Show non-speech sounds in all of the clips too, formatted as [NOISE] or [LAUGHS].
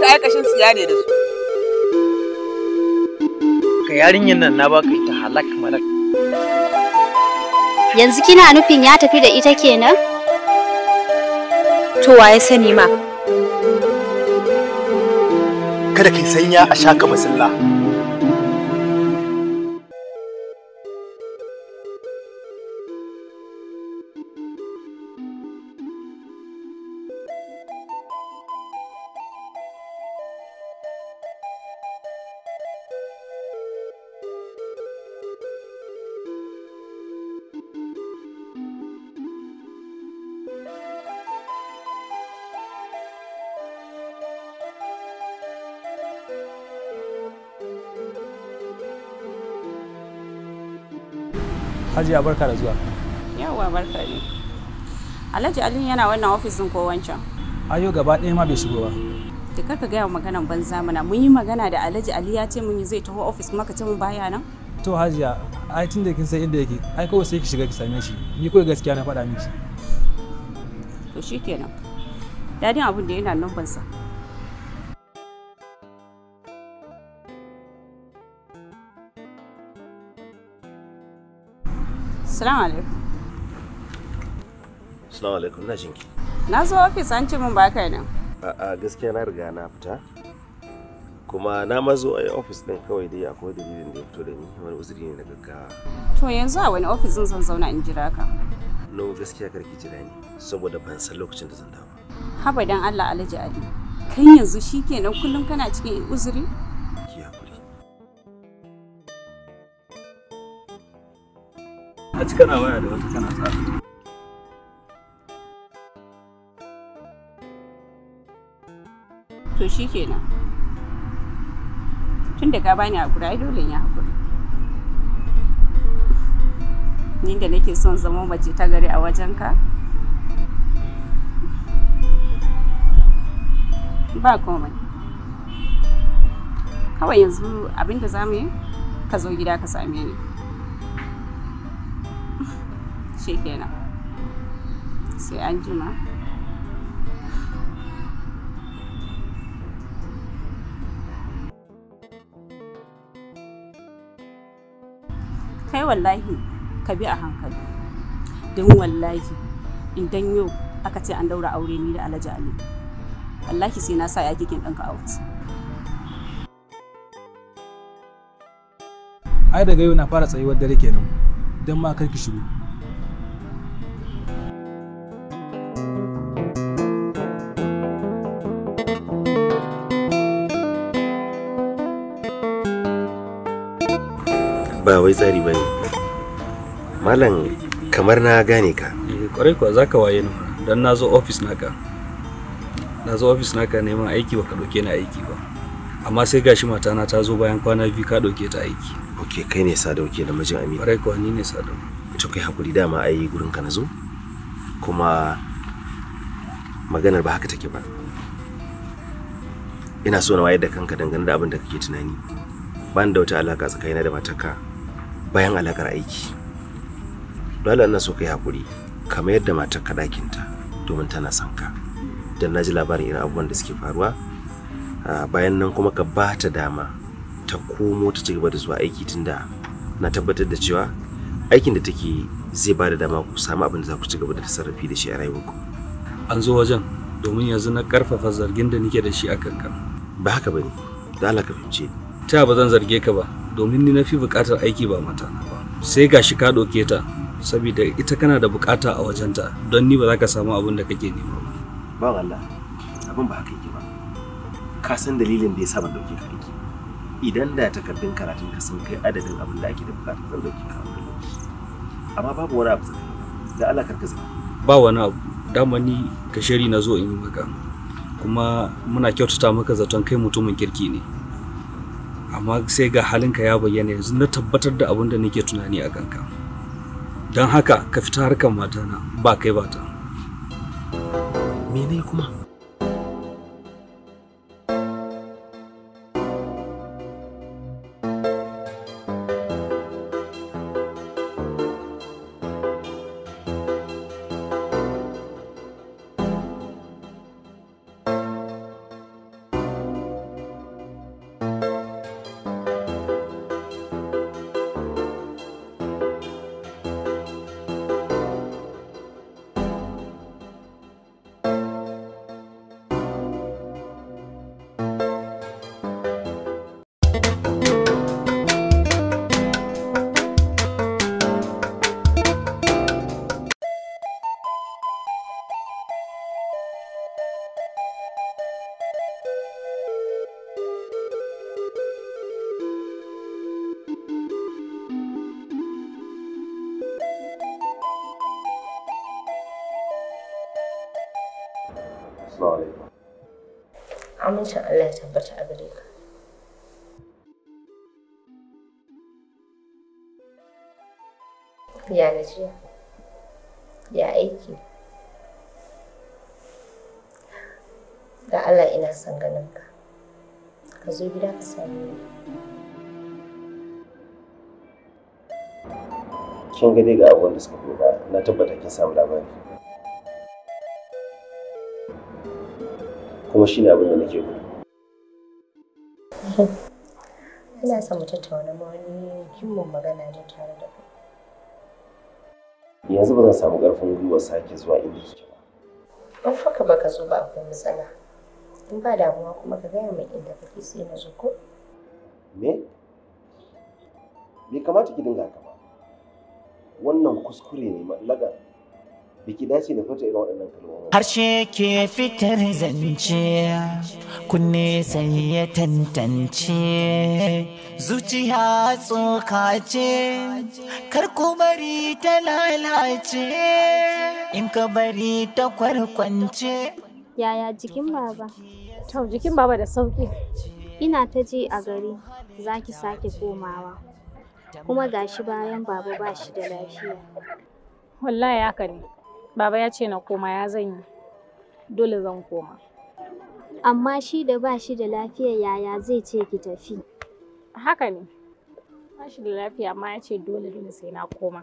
mata aikashin siya ne da su ka yarinyar nan na baka ita halak malak yanzu kina nufin ya tafi da ita kenan to waye sani ma kada ki sanya a shaka masalla hajiya barka da zuwa yawwa barka ne alhaji ali yana wannan ofisin ko wancan ayo gaba ɗaya ma bai shigo ba da karka gaya maganan ban zamana mun yi magana da alhaji ali ya ce mun zai taho ofis maka ce mun baya nan to hajiya ai tun kin san inda yake ai kawai sai ki shiga ki same shi ni kawai gaskiya na faɗa miki to shikenan dadin abin da yana sa. Assalamu alaikum. Assalamu alaikum na jinki. Na zo ofis an ce mun baka nan. A'a gaskiya na riga na fita. Kuma na mazo a ofis din kawai dai akwai dalilin da ya fito da ni wani uzuri ne na gaggawa. To yanzu a wani ofis zan zauna in jira ka. No gaskiya karki jira ni saboda ban san lokacin da zan dawo. Haba dan Allah Alhaji Ali. Kan yanzu shikenan kullum kana cikin uzuri? a kana waya da wata kana tsara to shi kenan tun da ka bani hakuri ai dole ya hakuri ni da nake son zama mace ta gari a wajenka ba komai kawai yanzu abinda za mu yi ka zo gida ka same ni shikenan sai an jima kai wallahi ka bi a hankali don wallahi idan yau aka ce an daura aure ni da alhaji ali wallahi sai na sa ya kikin ɗanka out ai daga yau na fara tsayuwar dare kenan don ma kar ki shigo ba wai tsari ba ne malam kamar na gane ka eh, kwarai kuwa ka waye ni don na zo ofis naka na zo ofis naka neman aiki ba ka ɗauke ni aiki ba amma sai gashi matana ta zo bayan kwana biyu ka ɗauke ta aiki ok kai ne sadau ke namijin amina kwarai kuwa ni ne sadau to kai hakuri dama a gurin ka na zo kuma maganar ba haka take ba ina so na wayar da kanka dangane da abin da kake tunani ban da wata alaka tsakanina da matarka bayan alakar aiki dole ina so ka yi haƙuri kama yadda matar ka ɗakinta domin tana son ka don na ji labarin irin abubuwan da suke faruwa bayan nan kuma ka ba ta dama ta komo ta cigaba da zuwa aiki tunda na tabbatar da cewa aikin da take zai ba da dama ku samu abin da za ku ci da sarrafi da shi a rayuwarku an zo wajen domin yanzu na karfafa zargin da nake da shi a kanka ba haka bane da Allah ka fahimce ta ba zan zarge ka ba domin ni na fi buƙatar aiki ba mata na ba sai ga shi ka ɗauke ta saboda ita kana da buƙata a wajenta don ni ba za ka samu abin da kake nema ba ba Allah abin ba haka yake ba ka san dalilin da yasa ban ɗauke ka aiki idan da takardun karatun ka sun kai adadin abin da ake da buƙata zan ɗauke ka amma babu wani abu da Allah karka zama ba wani abu dama ni ka shari na zo in yi maka kuma muna kyautata maka zaton kai mutumin kirki ne amma sai ga halinka ya bayyana yanzu na tabbatar da abin da nake tunani a kanka don haka ka fita harkar matana ba kai ba ta mene kuma amincin Allah ya tabbata a gare ka ya gajiya ya aiki ga Allah ina son ganin ka ka zo gida ka sami kin ga ga abubuwan da suka faru na tabbata kin samu labari kuma shine abin da nake gudu ina son mu tattauna ne magana da tare da ku yanzu ba zan samu ƙarfin gwiwa sake zuwa inda kike ba in faka ka zo ba akwai matsala in ba damuwa kuma ka gaya min inda kake sai na zo ko me bai kamata ki dinga kama? ba wannan kuskure ne mallaka biki dace da furta irin waɗannan kalmomi. Harshe ke fitar zance, kunne sai ya tantance, zuciya tsoka ce, kar ku bari ta lalace, in ka bari ta kwarkwance. Yaya jikin baba? To jikin baba da sauƙi. Ina ta ji a gari, za ki sake komawa. Kuma gashi bayan baba ba shi da lafiya. Wallahi haka ne. Baba ya ce na koma ya zan yi. Dole zan koma. Amma shi da ba shi da lafiya yaya zai ce ki tafi? Haka ne. Ba shi da lafiya amma ya ce dole dole sai na koma.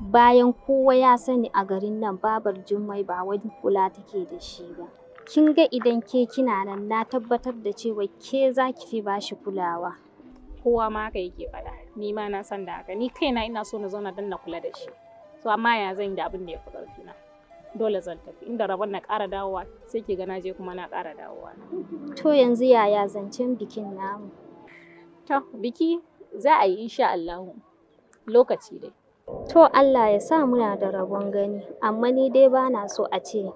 Bayan kowa ya sani a garin nan babar Jummai ba wani kula take da shi ba. Kin ga idan ke kina nan na tabbatar da cewa ke za ki fi ba shi kulawa. Kowa ma haka yake faɗa. Ni ma na san da haka. Ni kaina ina so na zauna don na kula da shi. so amma ya zan yi da abin da ya fi ƙarfi na dole zan tafi inda rabon na ƙara dawowa sai ke gana je kuma na ƙara dawowa to yanzu yaya zancen bikin namu to biki za a yi insha Allah lokaci dai to Allah ya sa muna da rabon gani amma ni dai ba na so a ce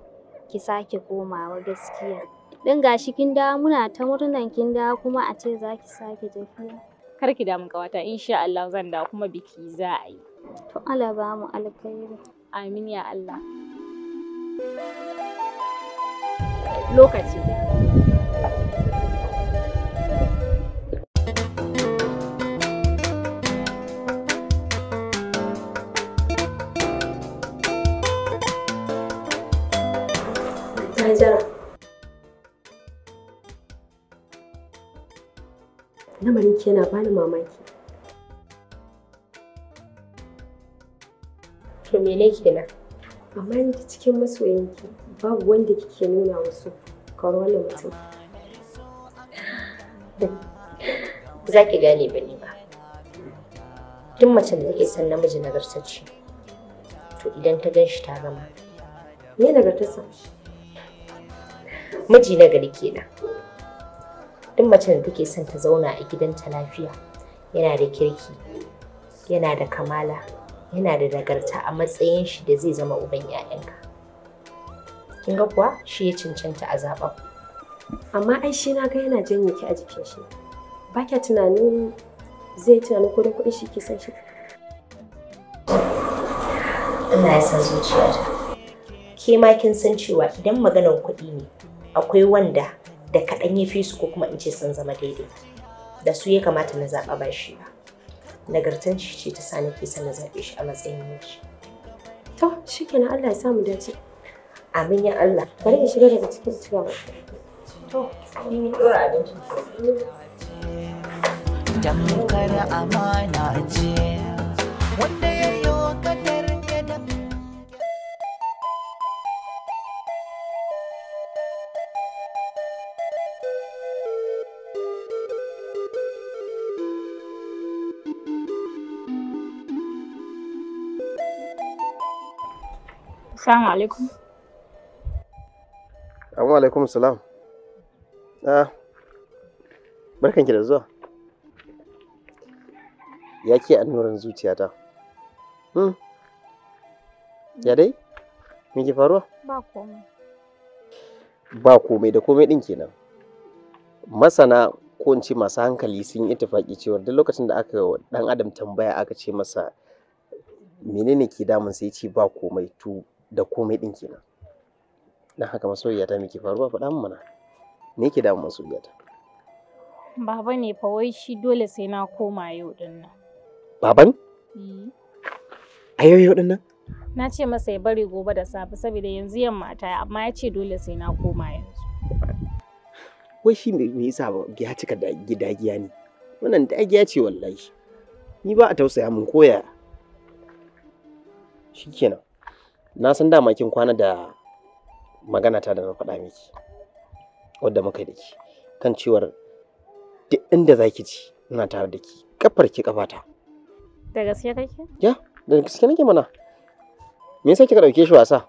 ki sake komawa gaskiya dan gashi kin da muna ta murnan kin da kuma a ce za ki sake tafiya kar ki damu ƙawata insha Allah zan da kuma biki za a yi to Allah ba mu alkhairi amin ya Allah lokaci Na Lamarinki yana bani mamaki. mele kenan amma ni da cikin masoyanki babu wanda kike nuna wasu kawar wannan mutum [LAUGHS] za ki gane ba ne ba Tun macen da take son namiji nagartacce to idan ta gan shi ta gama me nagartarsa miji na gari kenan duk macen da take son ta zauna a gidanta lafiya yana da kirki yana da kamala yana da nagarta a matsayin shi da zai zama uban 'ya'yanka kin ga kuwa shi ya cancanta a zaben amma ai shi na ga yana janye ki a jikin shi ba kya tunanin zai tunanin ko da kuɗin shi ke san shi ina ya san ta. ke ma kin san cewa idan maganar kuɗi ne akwai wanda da kaɗan ya fi su ko kuma in ce sun zama daidai da su ya kamata na zaɓa ba shi ba nagartan shi ce ta sa nake son na zaɓe shi a matsayin miji. To shi kenan Allah ya samu dace. Amin ya Allah. Bari in shiga daga cikin cikin cewa To, ni ɗora abincin. Damkar amana ce wanda ya yi wa Assalamu alaikum. Assalamu alaikum salam. Ah. Barkanki da zuwa. Ya ke annoran zuciyata. Hmm. Ya dai? Me ke faruwa? Ba komai. Ba komai da komai din kenan. Masana ko in ce masu hankali sun yi tafaki cewa duk lokacin da aka dan adam tambaya aka ce masa menene ke damun sai ce ba komai to da komai ɗin kenan don haka masoyiyata ta ke faruwa faɗa min mana me yake damun masoyiyata baba ne fa wai shi dole sai na koma yau din nan baban eh. a yau yau din nan na ce masa ya bari gobe da safe saboda yanzu yamma ta amma ya ce dole sai na koma yanzu wai shi me yasa ya cika da gidagiya ne wannan dagiya ce wallahi ni ba a tausaya mun koya shikenan na san dama kin kwana da magana ta da na faɗa miki wadda muka da ki kan cewar duk inda za ki ji ina tare da ki kafar ki kafata da gaske kake ya da gaske nake mana me yasa kika dauke shi wasa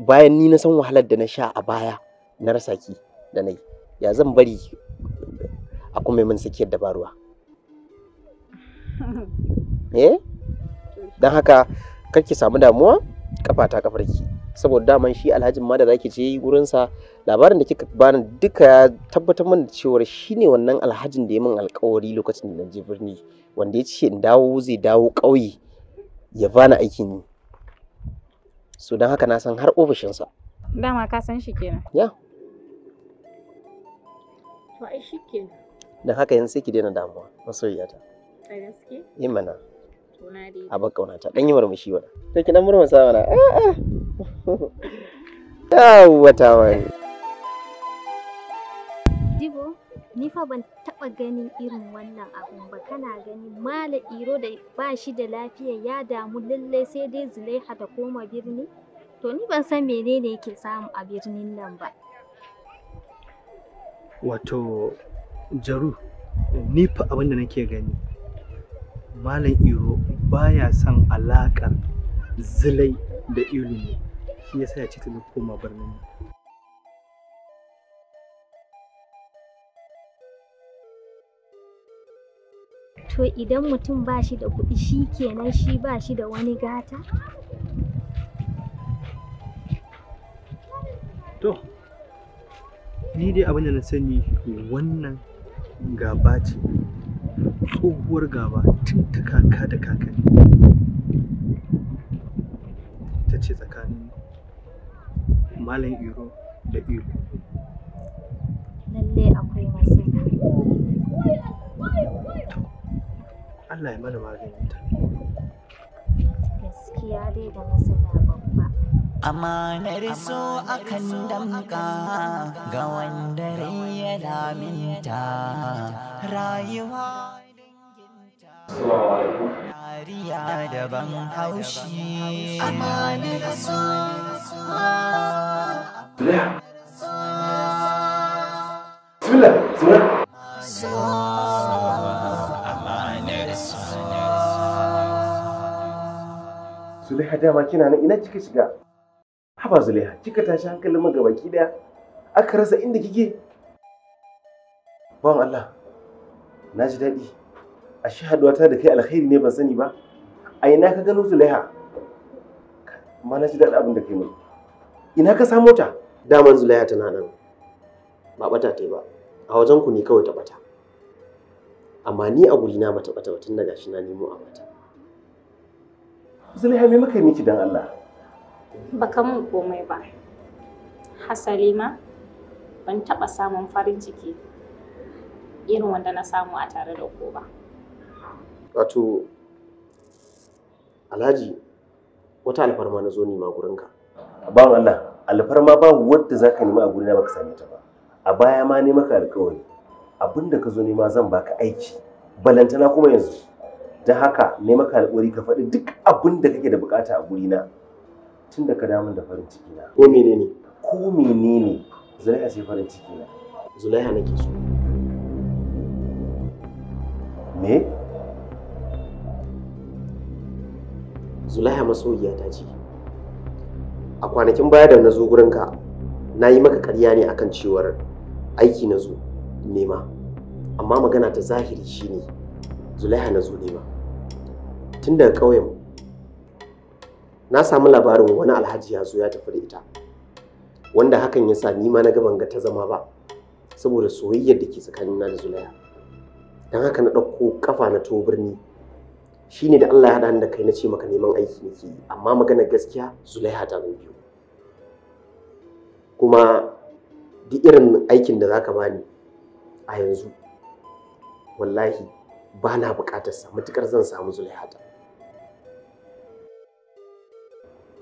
bayan ni na san wahalar da na sha a baya na rasa ki da nayi ya zan bari a kuma min sakiyar dabaruwa [LAUGHS] eh dan haka kar ki samu damuwa kafa ta kafar ki saboda daman shi alhajin ma da zaki je gurin sa labarin da kika bani duka ya tabbatar mana cewa ne wannan alhajin da ya min alkawari lokacin da na je birni wanda ya ce in dawo zai dawo ƙauye ya bani aikin yi so don haka na san har ofishinsa dama ka san shi kenan ya to shi kenan don haka yanzu sai ki daina damuwa masoyiyata a gaske yi mana a ba kaunata dan yi murmushi wala to ki dan murmusa wala ah, ah. [LAUGHS] yawwa ta wani dibo ni fa ban taba ganin irin wannan abun ba kana gani mala iro da ba shi da lafiya ya damu lallai sai dai zulaiha ta koma birni to ni ban san menene yake samu a birnin nan ba wato jaru ni fa abin da nake gani Malam Iro baya son alaƙar zilai da ilimi shi yasa ya ce ta koma birnin nan. To idan mutum ba shi da kuɗi shi kenan shi ba shi da wani gata? To, ni dai abin da na sani wannan gaba ce tsohuwar gaba tun ta kaka da kakanni ta ce tsakanin malam iro da iro lalle akwai masu Allah ya mana maganin ta gaskiya dai da masana babba Amanar so akan damka ga wanda ya laminta rayuwa Dariya da ban haushi. Amanar dama kina nan ina kika shiga? Haba zuliha kika tashi hankalin magabaki daya. Aka rasa inda kike? Bawan Allah, na ji daɗi. a shi da kai alkhairi ne ban sani ba a ina ka gano zulaiha ma na ji daɗin abin da kai mai ina ka samo ta man zulaiha tana nan ba bata ta ba a wajen ku ne kawai ta bata amma ni a guri na bata ɓata ba tun daga shi na nemo a bata zulaiha me muka yi miki dan Allah ka mun komai ba hasali ma ban taɓa samun farin ciki irin wanda na samu a tare da ku ba wato alhaji wata alfarma na zo nema gurinka bawan Allah alfarma ba wadda zaka nema a gurina baka same ta ba a baya ma ne maka alƙawari abinda ka zo nema zan baka aiki balantana kuma yanzu da haka ne maka alƙawari ka faɗi duk abin da kake da bukata a gurina tun da ka damun da farin ciki na ko menene ko menene zulaiha sai farin ciki na zulaiha nake so me zulaiha masoyiya ta ce a kwanakin baya da na zo gurinka na yi maka karya ne akan cewar aiki na zo nema amma magana ta zahiri shine zulaiha na zo nema tun daga ƙauyen na samu labarin wani alhaji ya zo ya tafi da ita wanda hakan ya sa ni ma na gaban ga ta zama ba saboda soyayyar da ke tsakanina da zulaiha don haka na ɗauko kafa na to birni shine da Allah ya hada da kai na ce maka neman aiki nake amma magana gaskiya Zulaiha ta zo biyo kuma duk irin aikin da zaka bani a yanzu wallahi ba na buƙatar sa matukar zan samu Zulaiha ta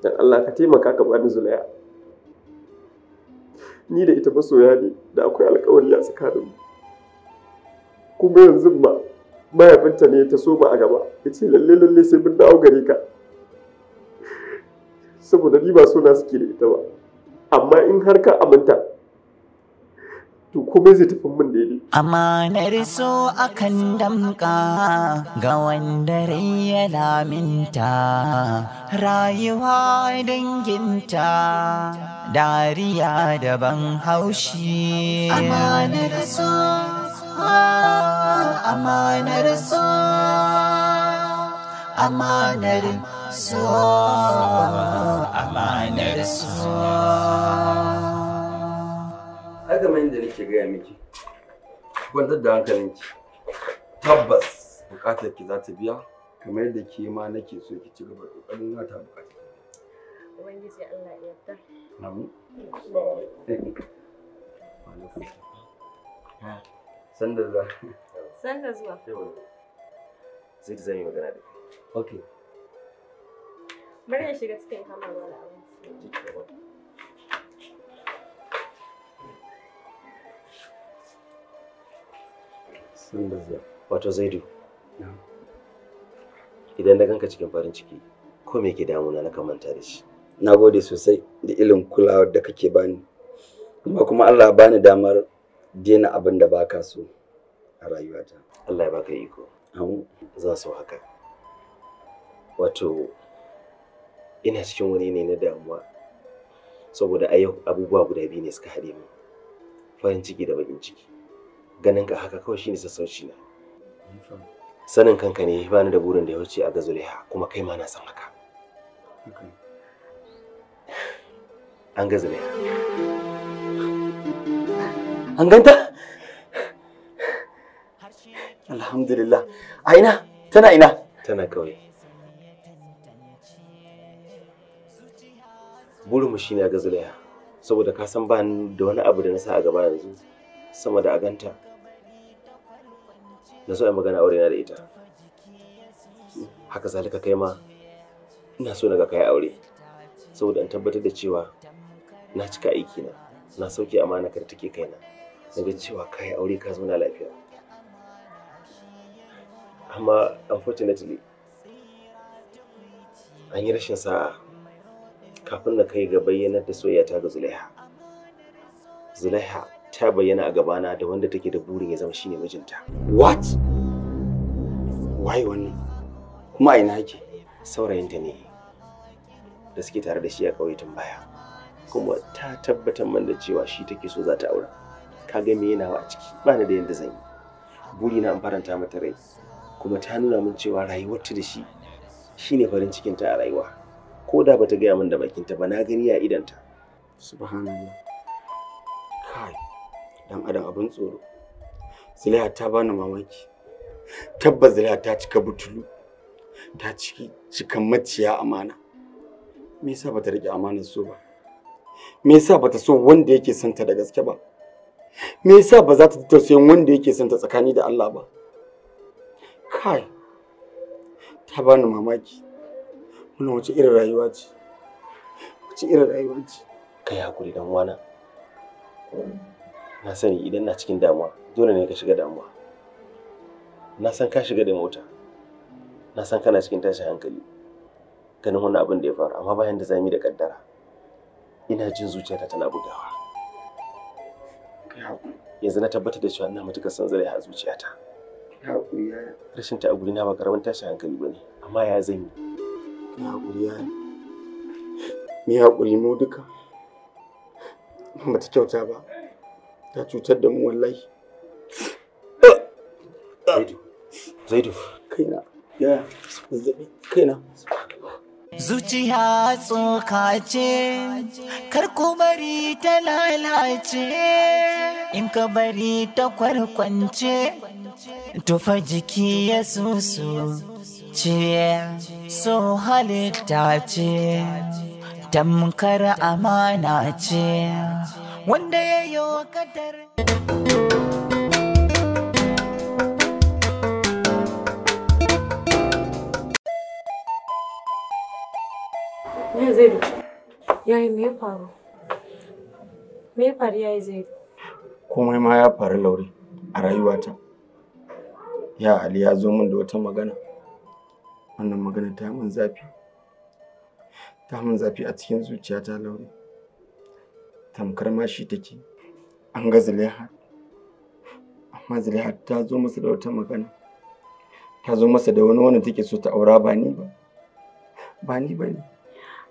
dan Allah ka taimaka ka bani Zulaiha ni da ita masoya ne da akwai alƙawari a tsakaninmu kuma yanzu ba mahaifinta ne ta soba ba a gaba ya ce lalle lalle sai mun dawo gare ka saboda ni ba so na suke da ita ba amma in har ka aminta to komai zai tafi min daidai. Amanar so akan damka ga wanda rai ya laminta rayuwa danginta dariya daban haushi. Amanar so Ah, amanar so amanar so nake gaya miki kwantar da hankalinki tabbas bukatar ki za ta biya kamar yadda ke ma nake so ki ci gaba kokarin ubangiji Allah ya yarda amin eh. Sanda zuwa. Sanda zuwa. Sai da zan yi magana da kai. Okay. Bari ya shiga cikin kamar wani abinci. Sanda zuwa. Wato Zaidu. Idan na ganka cikin farin ciki, ko me ke damuna na kamanta da shi. Na gode sosai da ilin kulawar da kake bani. Kuma kuma Allah bani damar daina abin da baka so a rayuwata Allah ya baka iko amu za su haka wato ina cikin wani ne na damuwa saboda a yau abubuwa guda biyu ne suka haɗe mu farin ciki da bakin ciki ganin ka haka kawai shine sassauci na sanin kanka ne bani da burin da ya wuce a ga Zulaiha kuma kai ma na san haka an ga Zulaiha an ganta alhamdulillah a ina tana ina tana kawai burinmu shine a gazalaya saboda ka san ba da wani abu da na sa a gaba yanzu sama da a ganta na so a magana aure na da ita haka zalika kai ma ina so na ga kai aure saboda an tabbatar da cewa na cika aiki na na sauke amana kar take kaina na cewa ka yi aure ka zauna lafiya amma unfortunately an yi rashin sa'a kafin na kai ga bayyanar da soyayyata ga zulaiha zulaiha ta bayyana a gabana da wanda take da burin ya zama shine mijinta what why wannan kuma a ina yake saurayinta ne da suke tare da shi a ƙauye tun baya kuma ta tabbatar man da cewa shi take so za ta aura ka ga me yana a ciki ba ni da yadda zan yi buri na in faranta mata rai kuma ta nuna min cewa rayuwarta da shi shine farin cikin ta a rayuwa ko da bata gaya min da bakinta ba na gani a idanta subhanallah kai dan adam abin tsoro Zulaiha ta bani mamaki tabbas Zulaiha ta cika butulu ta ciki cikan maciya amana me yasa bata rike amanar so ba me yasa bata so wanda yake santa da gaske ba me yasa ba za ta ji tausayin wanda yake son ta tsakani da Allah ba kai ta bani mamaki wannan wace irin rayuwa ce wace irin rayuwa ce kai hakuri dan wana na sani idan na cikin damuwa dole ne ka shiga damuwa na san ka shiga da mota na san kana cikin tashin hankali ganin wannan abin da ya faru amma bayan da zami da kaddara ina jin zuciyata tana bugawa yanzu na tabbatar da cewa ina matuƙar son zare a zuciyata rashin ta a guri na ba karamin tashin hankali ba ne amma ya zan yi na haƙuri ya mu haƙuri mu duka ba ta kyauta ba ta cutar da mu wallahi zaidu zaidu kaina ya kaina Zuciya tsoka ce, kar ku bari ta lalace, in ka bari ta kwarkwance, tufa jiki ya susu ce, so halitta ce, tamkar amana ce, wanda ya yi kadar. Zaidu. Yayi me faru? Me ya faru yayi Komai ma ya faru lauri a rayuwata. Ya Ali ya zo min da wata magana. Wannan magana ta min zafi. Ta min zafi a cikin zuciyata Laure. Tamkar ma shi take. An ga Zulaiha. Amma Zulaiha ta zo masa da wata magana. Ta zo masa da wani wanda take so ta aura ba ni ba. Ba ni ba ne.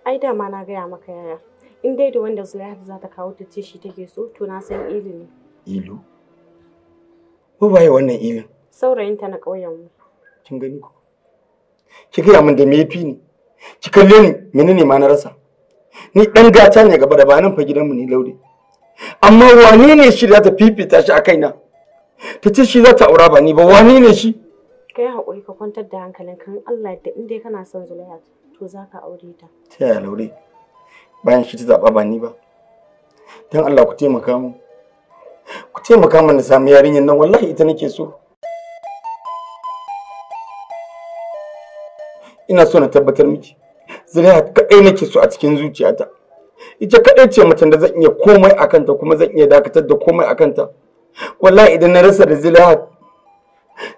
ai dama na gaya maka yaya in dai da wanda Zulaihat za ta kawo ta ce shi take so to na san ilimi. Ilu? Ko waye wannan ilin? Saurayinta na ƙauyen mu. Kin gani ko? Ki gaya min da me yafi ni? Ki kalle ni menene ma na rasa? Ni dan gata ne gaba da nan fa gidanmu ne laude. Amma wani ne shi da ta fifita shi a kaina? Ta ce shi za ta aura ba ni ba wani ne shi? Kai haƙuri ka kwantar da hankalinka kan Allah da in dai kana son Zulaihat. ko za ka aure ta. Ta yaya laure? Bayan shi ta zaba, ba ni ba. Don Allah ku taimaka mu. Ku taimaka mu na samu yarinyar nan wallahi ita nake so. Ina so na tabbatar miki. Zuriya kaɗai nake so a cikin zuciyata. Ita kaɗai ce macen da zan iya komai a kanta kuma zan iya dakatar da komai a kanta. Wallahi idan na rasa da zuriya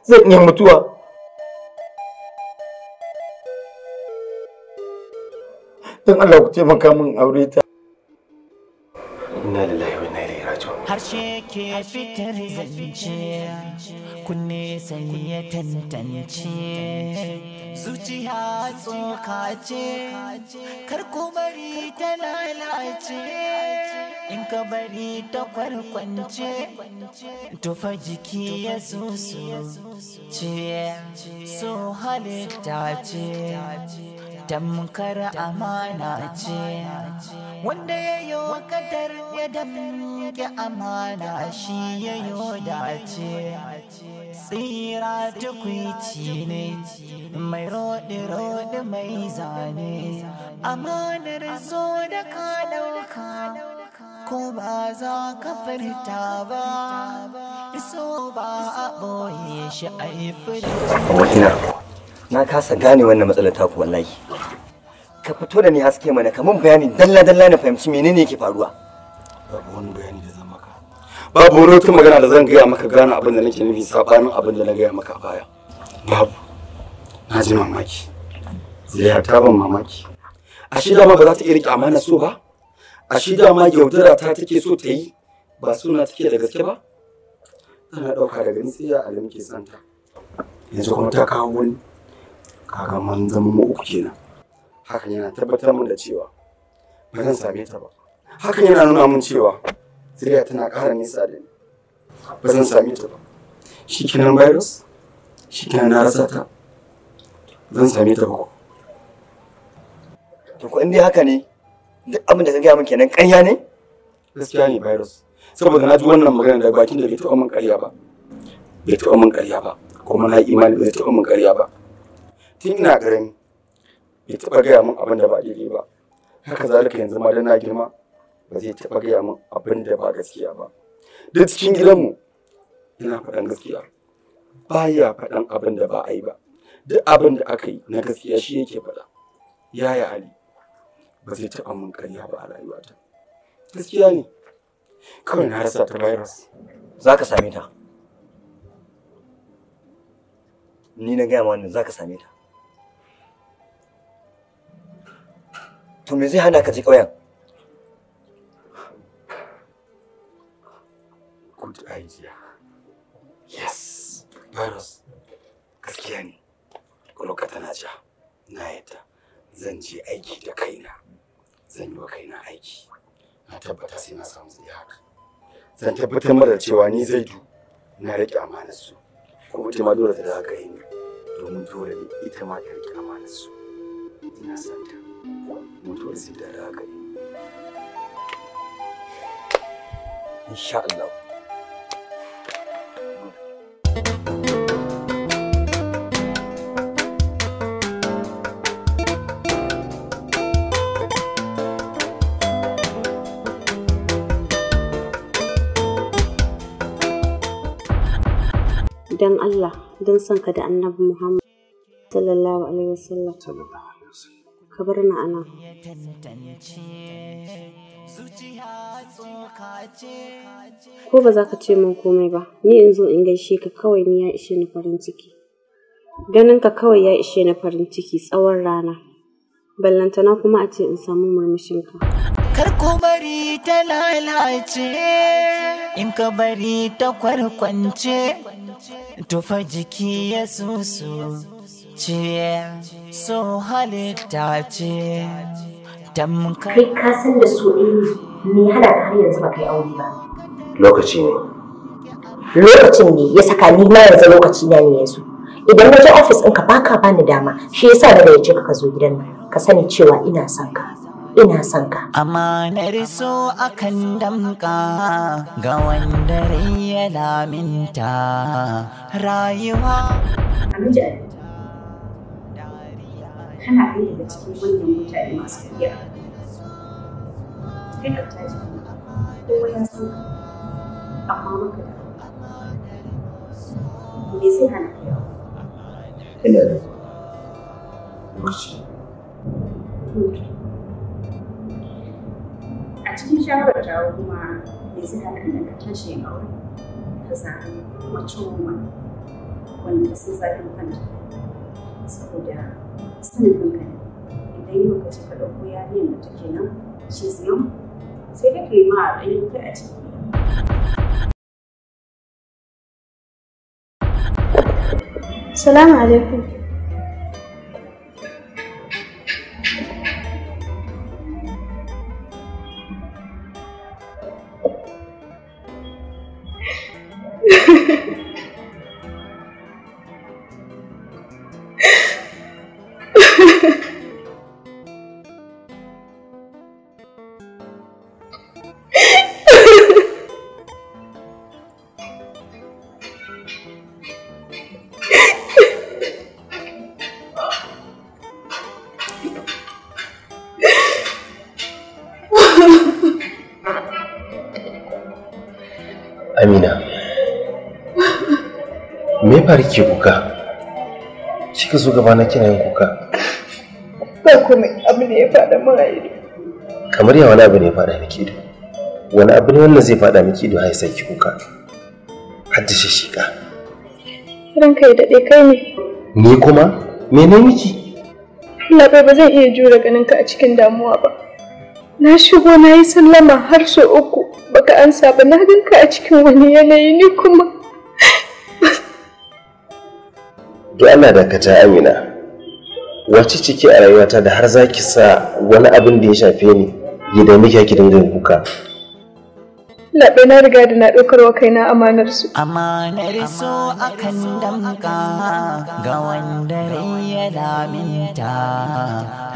zan iya mutuwa. don Allah ku taimaka min aure ta inna lillahi wa inna ilaihi raji'un harshe ke fitar zance kunne sai ya tantance zuciya tsoka ce kar ku bari ta lalace in ka bari ta kwarkwance tufa jiki ya susu so halitta ce tamkar amana ce wanda ya yi wakadar ya damke amana shi ya yi dace tsira tukwici ne mai roɗi-roɗi mai zane amanar zo da ka ko ba za ka furta ba iso ba a ɓoye shi a yi furta na kasa gane wannan matsalar taku wallahi ka fito da ni haske mana ka mun bayani dalla dalla na fahimci menene yake faruwa babu wani bayani da zan maka babu wani wata magana da zan gaya maka gane abin da nake nufi sabanin abin da na gaya maka a baya babu na ji mamaki ziyarta ban mamaki a shi dama ba za ta iya riƙe amana so ba a shi dama yaudara ta take so ta yi ba suna take da gaske ba tana ɗauka daga nisiya a da santa yanzu kuma ta kawo wani kaga mun zama mu uku kenan hakan yana tabbatar mun da cewa ba zan same ta ba hakan yana nuna mun cewa zuriya tana ƙara nisa da ni ba zan same ta ba shikenan virus shikenan na rasa ta zan same ta ba to ko in haka ne duk abin da ka gaya min kenan ƙarya ne gaskiya ne virus saboda na ji wannan magana da bakin da bai taɓa min ƙarya ba bai taɓa min ƙarya ba kuma na imani bai taɓa min ƙarya ba tun ina ƙarami bai taɓa gaya min abin da ba daidai ba haka zalika yanzu ma da na girma ba zai taɓa gaya min abin da ba gaskiya ba duk cikin gidanmu ina faɗan gaskiya baya faɗan abin da ba a yi ba duk abin da aka yi na gaskiya shi yake faɗa yaya ali ba zai taɓa min ƙarya ba a rayuwata gaskiya ne kawai na rasa ta virus za ka same ta ni na gaya ma wannan za ka same ta To me zai hana ka je ƙauyen? Good idea. Yes, Virus. Gaskiya ne. Kuloka tana ja. Na yadda. Zan je aiki da kaina. Zan yi wa kaina aiki. Na tabbata sai na samu zai haka. Zan tabbatar mara cewa ni zai du. Na rike amanar su. Kuma ita ma dole ta da haka yi domin dole ne ita ma ta rike amanar su. Ina santa. mutuwar sida da haka insha Allah dan Allah don sanka da annabi Muhammad sallallahu alaihi wasallam ka bar ni a nan. Ko ba za ka ce min komai ba, ni in zo in gaishe ka kawai ni ya ishe ni farin ciki. Ganin ka kawai ya ishe ni farin ciki tsawon rana. Ballantana kuma a ce in samu murmushinka. Kar ko bari ta lalace, in ka bari ta kwarkwance, tufa jiki ya susu. ce so halitta ce kai ka san da su ɗaya ne hana ka har yanzu ba kai aure ba lokaci ne lokacin ne ya saka ni ma yanzu lokaci na ne yanzu idan waje ofis ɗinka baka bani dama shi yasa da gayyace ka zo gidan nan ka sani cewa ina son ka ina son ka. Amanar so akan damka ga wanda rai ya laminta rayuwa. kana ɗaya daga cikin manyan mutane masu tafiya kai ka taji kowa ya san amma maka da me zai hana ka yawa ina da lokaci a cikin shawarar tawo kuma me zai hana ka ka tashi yin aure ka zaɓi mace wanda sun zaɓi kanta saboda sanin kanka ne idan yau ka cika da ɗauko yarinyar da take kenan, shi siyan sai da kai ma a ɗanyen ki a ciki Salamu alaikum. gaba na kina yin kuka ba komai abu ne ya faɗa min a ido kamar ya wani abu ne ya faɗa miki ido wani abu ne wannan zai faɗa miki ido har sai ki kuka har da shishika ranka da daɗe kai ne ni kuma ne miki Allah bai ba zan iya jure ganin ka a cikin damuwa ba na shigo na yi sallama har sau uku baka ansa ba na ganka a cikin wani yanayi ni kuma to Allah dakata amina wace ciki a rayuwata da har za ki sa wani abin da ya shafe ni gidan dame ki ki dinga kuka Laɓe na riga da na ɗaukar wa kaina amanar su. Amanar su akan damka ga wanda ya laminta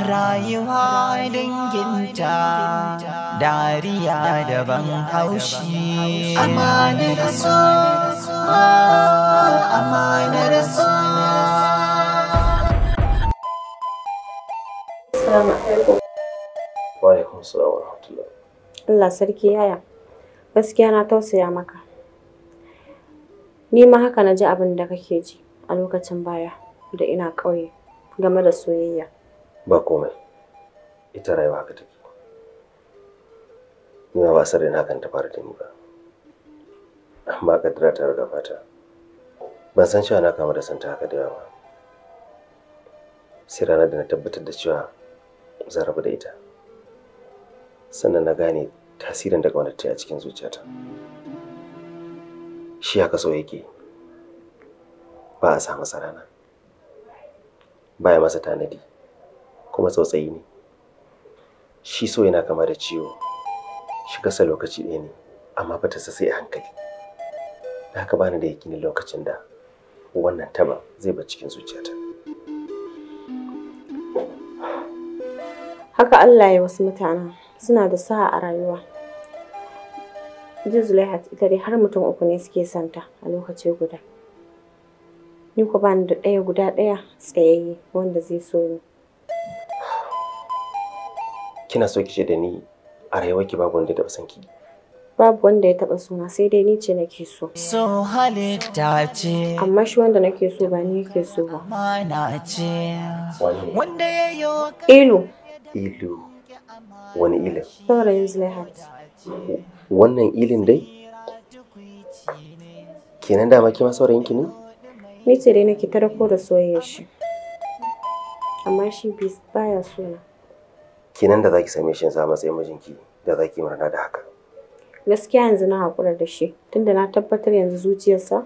rayuwa danginta dariya daban haushi. Amanar su amanar su. Assalamu alaikum. Wa alaikum salam wa rahmatullah. Allah sarki yaya. gaskiya na tausaya maka ni ma haka na ji abin da kake ji a lokacin baya da ina ƙauye game da soyayya ba komai ita rayuwa haka take ni ma ba sarri na kan ta fara ba amma kadira ta riga fata ban san cewa na kama da santa haka da yawa sai ranar da na tabbatar da cewa zan rabu da ita sannan na gane tasirin da ƙaunar ta a cikin zuciyata shi haka so yake ba a samu masa rana ba ya masa tanadi kuma tsautsayi ne shi so yana kama da ciwo shi kasa lokaci ɗaya ne amma ba ta sai a hankali da haka bani da yakinin lokacin da wannan taba zai bar cikin zuciyata haka Allah ya wasu mutanen suna da sa'a a rayuwa Ita Zulaihat ita dai har mutum uku ne suke santa a lokaci guda. Ni ku bani da ɗaya guda ɗaya tsayayye wanda zai so ni. Kina so ki ce da ni a ki babu wanda ya taɓa son ki? Babu wanda ya taɓa suna sai dai ni ce nake so. So halitta ce. Amma shi wanda nake so ba ni yake so ba. Wanda ya yi Ilu. Ilu. Wani ilu? Saurayin Zulaihat. wannan ilin dai kenan dama kima saurayin ki ne ni ce dai nake tara ko da soyayyar shi amma shi baya so na kenan da zaki same shi a matsayin mijinki da zaki murna da haka gaskiya yanzu na hakura da shi tunda na tabbatar yanzu zuciyarsa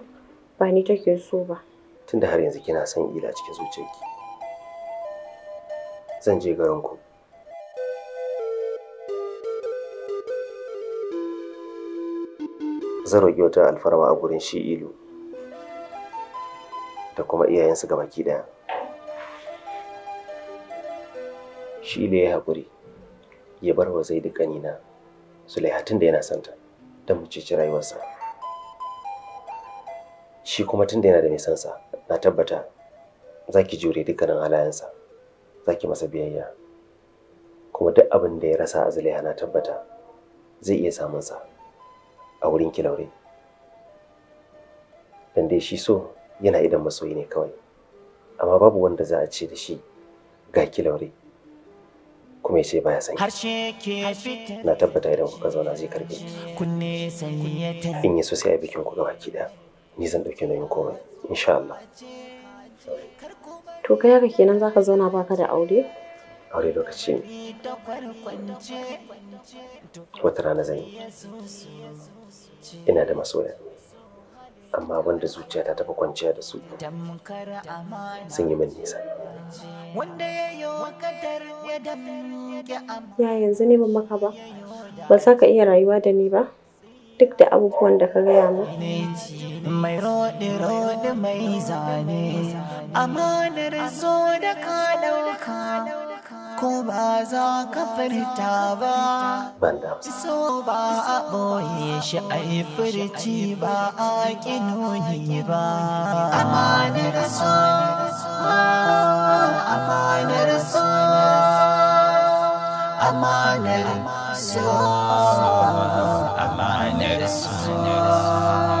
ba ni take so ba tunda har yanzu kina son ila cikin zuciyarki zan je garin ku zan roƙi wata alfarma a gurin shi ilu da kuma iyayensu ga baki ɗaya shi ilu ya haƙuri ya bar wa zai duka nina sulaihatun da yana santa don mu ci rayuwarsa shi kuma tun da yana da mai sansa na tabbata za ki jure dukkanin halayensa za ki masa biyayya kuma duk abin da ya rasa a zulaiha na tabbata zai iya samunsa. sa a wurin kilaure dan dai shi so yana idan masoyi ne kawai amma babu wanda za a ce da shi ga kilaure kuma ya ce baya san na tabbata idan kuka zauna zai karbe in yi so sai a bikin ku baki ki da ni zan dauke nauyin komai insha Allah to kai haka kenan zaka zauna baka da aure aure lokaci ne wata rana zan yi ina da masoya amma wanda zuciya ta tafi kwanciya da su sun yi min nisa ya yanzu ne ban maka ba ba sa ka iya rayuwa da ni ba duk da abubuwan da ka gaya mu. Mai zane, da ka dauka ko ba za ka furta ba so ba a boye shi a yi furci ba a ƙi amanar ba amanar so amanar so amanar so amanar so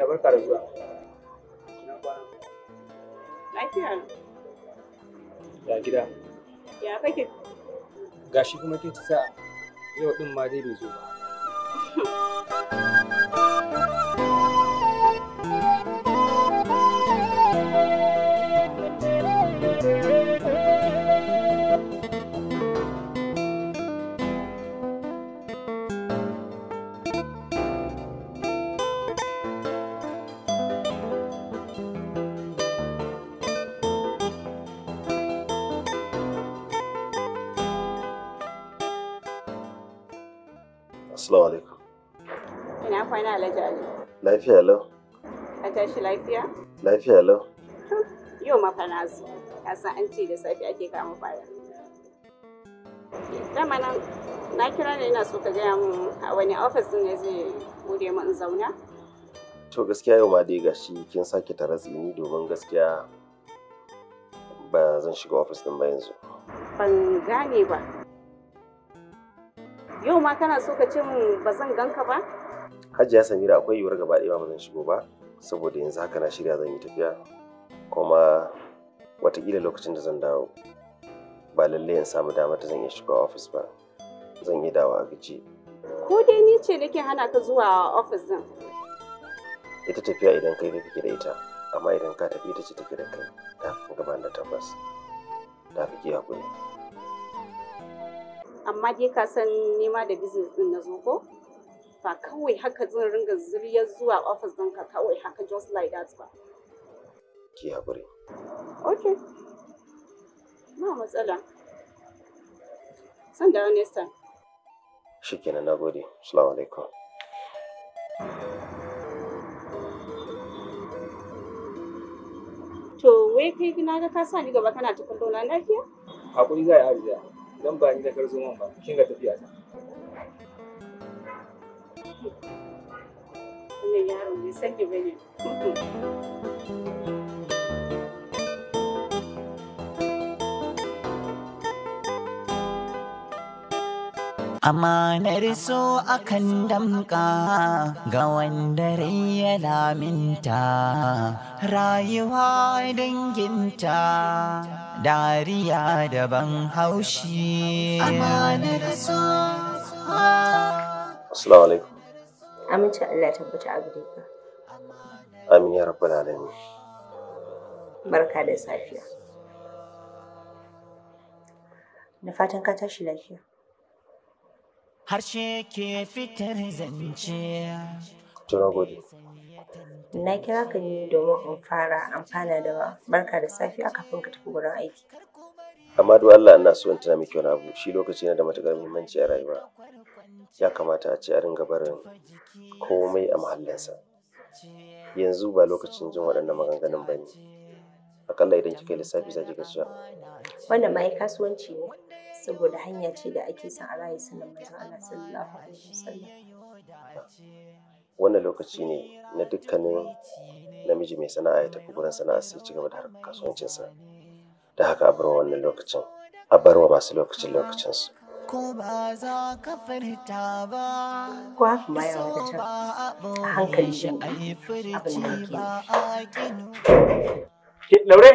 hajiya lafiya ya gida ya kake gashi kuma ke ta yau din ma dai bai zo ba [LAUGHS] Lafiya lau. A tashi lafiya? Lafiya lau. Yau mafa na zo, ka san an ce da safe ake kama baya. Dama nan na kira ne ina so ka gaya mun a wani ofis ne zai bude mun zauna. To gaskiya yau ma dai gashi kin sake tara tsini domin gaskiya ba zan shiga ofis din ba yanzu. Ban gane ba. Yau ma kana so ka ce mun ba zan ganka ba? hajiya samira akwai yiwuwar gaba ɗaya ba zan shigo ba saboda yanzu haka na shirya zan yi tafiya kuma watakila lokacin da zan dawo ba lalle in samu dama ta zan iya shiga ofis ba zan yi dawo a gaji ko dai ni ce nake hana ka zuwa ofis din ita tafiya idan kai ne kake da ita amma idan ka tafi ita ce take da kai ta fi gaban da tabbas ta fi ki amma dai ka san nema da business din na zo ko ba kawai haka zan ringa zuriya zuwa ofis ka kawai haka just like that ba. Ki haƙuri. Okay. Ba matsala. San da wani time. Shi kenan na gode. Assalamu alaikum. To wai kai na ga ka sa ni gaba kana tukun na lafiya? Haƙuri za a yi arziya. Dan ba ni da karzo man ba. Kin ga tafiya ta. wannan yaro bai sani ba ne Amanar so akan damka ga wanda rai ya laminta, rayuwa danginta, dariya daban haushi. so. Ah. Assalamu alaikum. Amincin Allah ya tabbata a gare ka. Amin ya da alamin. Barka da safiya. Da fatan ka tashi lafiya. Harshe ke fitar zance. Tuna gode. Na kira ka ne domin in fara amfana da barka da safiya kafin ka tafi wurin aiki. amma duk Allah ina so in tana miki wani abu shi lokaci yana da matuƙar muhimmanci a rayuwa ya kamata a ce a ringa barin komai a mahallinsa yanzu ba lokacin jin waɗannan maganganun ba ne akalla idan kika yi lissafi za ki ga cewa wannan ma kasuwanci ne saboda hanya ce da ake son a rayu sunan da Allah sallallahu alaihi wasallam wannan lokaci ne na dukkanin namiji mai sana'a ya tafi gurin sana'a sai ci gaba da harkar kasuwancinsa da haka a barwa wannan lokacin a barwa masu lokacin lokacinsu ko ba za ka furta ba kwa ma ya wata a hankali shi a yi furci ba a laure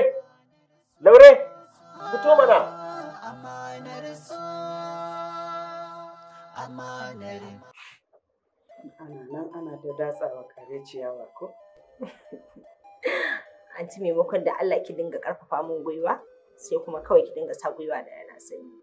laure fito mana amanar su amanar ana nan ana da datsawa kare ciyawa ko anti maimakon da Allah ki dinga karfafa min gwiwa sai kuma kawai ki dinga sa gwiwa da yana sanyi.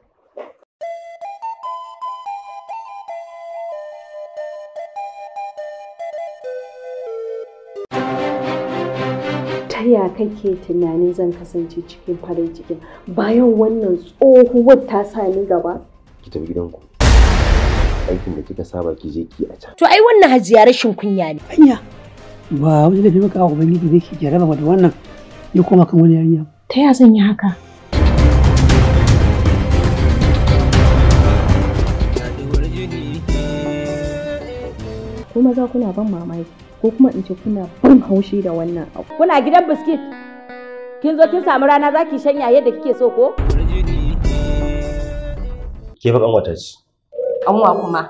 ta ya kake tunanin zan kasance cikin farin cikin bayan wannan tsohuwar ta sa ni gaba ki tafi gidanku aikin da kika saba ki je ki a can to ai wannan hajiya rashin kunya ne anya ba wani da maka abu bangiji ne ki jaraba da wannan ya koma kan wani yarinya ta ya zan yi haka kuma za kuna ban mamaki ko kuma in ce kuna ban haushi da wannan abu kuna gidan biskit kin zo kin samu rana za ki shanya yadda kike so ko ke fa wata ce kanwa kuma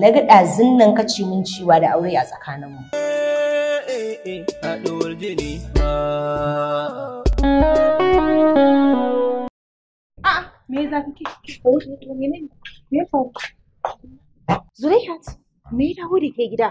na ga ɗazin nan ka ci min ciwa da aure a tsakaninmu. Me ke? me ya dawo da ke gida?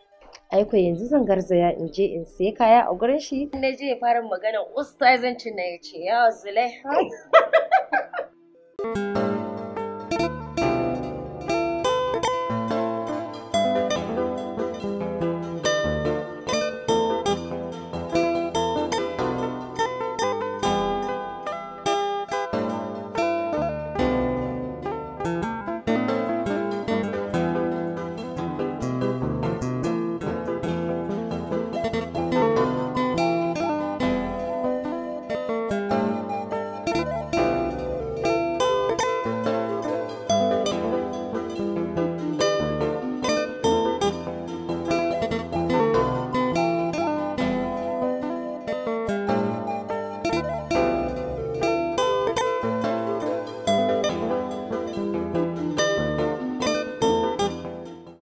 aiko yanzu zan garzaya in je in sai kaya a gurin shi na je ya fara magana ustazancin na ya ce yawa zulai [LAUGHS]